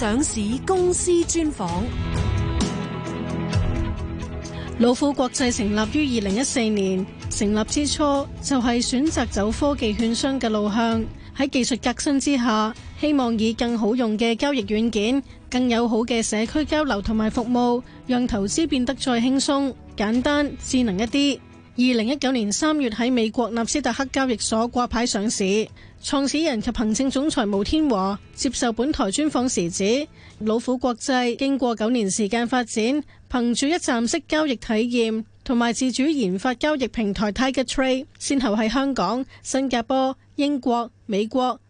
上市公司專訪。老虎國際成立於二零一四年，成立之初就係選擇走科技券商嘅路向。喺技術革新之下，希望以更好用嘅交易軟件、更友好嘅社區交流同埋服務，讓投資變得再輕鬆、簡單、智能一啲。二零一九年三月喺美國納斯達克交易所掛牌上市。創始人及行政總裁巫天華接受本台專訪時指，老虎國際經過九年時間發展，憑住一站式交易體驗同埋自主研發交易平台 Tiger Trade，先後喺香港、新加坡、英國、美國、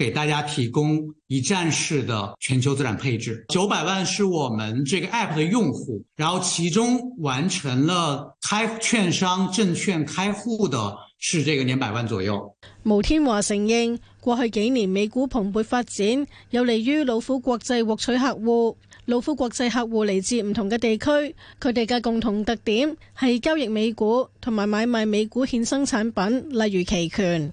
給大家提供一站式的全球資產配置。九百萬是我們這個 App 的用戶，然後其中完成了開券商證券開戶的是這個兩百萬左右。巫天華承認，過去幾年美股蓬勃發展，有利於老虎國際獲取客戶。老虎國際客戶嚟自唔同嘅地區，佢哋嘅共同特點係交易美股同埋買賣美股衍生產品，例如期權。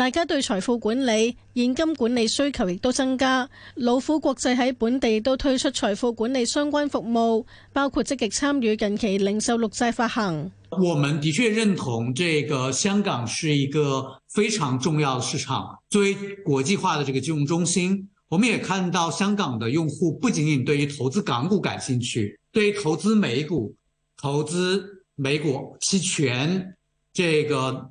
大家對財富管理、現金管理需求亦都增加。老虎國際喺本地都推出財富管理相關服務，包括積極參與近期零售綠債發行。我們的確認同這個香港是一個非常重要的市場，作為國際化的這個金融中心。我們也看到香港的用戶不僅僅對於投資港股感興趣，對於投資美股、投資美股期權，這個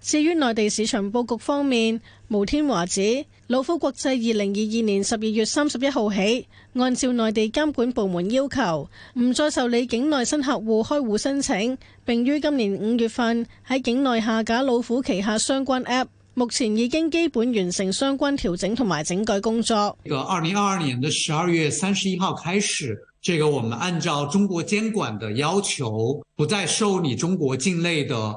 至於內地市場佈局方面，巫天華指老虎國際二零二二年十二月三十一號起，按照內地監管部門要求，唔再受理境內新客戶開戶申請。並於今年五月份喺境內下架老虎旗下相關 App，目前已經基本完成相關調整同埋整改工作。二零二二年的十二月三十一號開始，這個我們按照中國監管的要求，不再受理中國境內的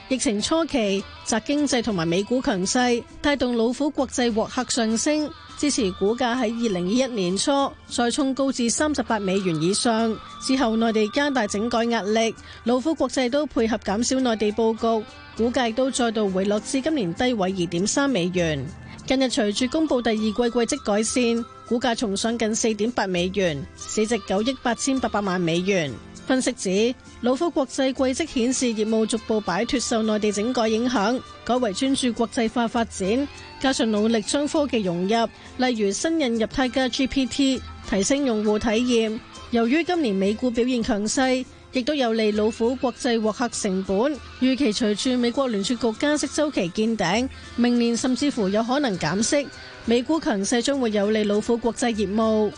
疫情初期，宅經濟同埋美股強勢，帶動老虎國際獲客上升，支持股價喺二零二一年初再衝高至三十八美元以上。之後，內地加大整改壓力，老虎國際都配合減少內地佈局，股價都再度回落至今年低位二點三美元。近日隨住公佈第二季季績改善，股價重上近四點八美元，市值九億八千八百萬美元。分析指，老虎國際季績顯示業務逐步擺脱受內地整改影響，改為專注國際化發展，加上努力將科技融入，例如新引入 TigerGPT 提升用戶體驗。由於今年美股表現強勢，亦都有利老虎國際獲客成本。預期隨住美國聯儲局加息週期見頂，明年甚至乎有可能減息。美股強勢將會有利老虎國際業務。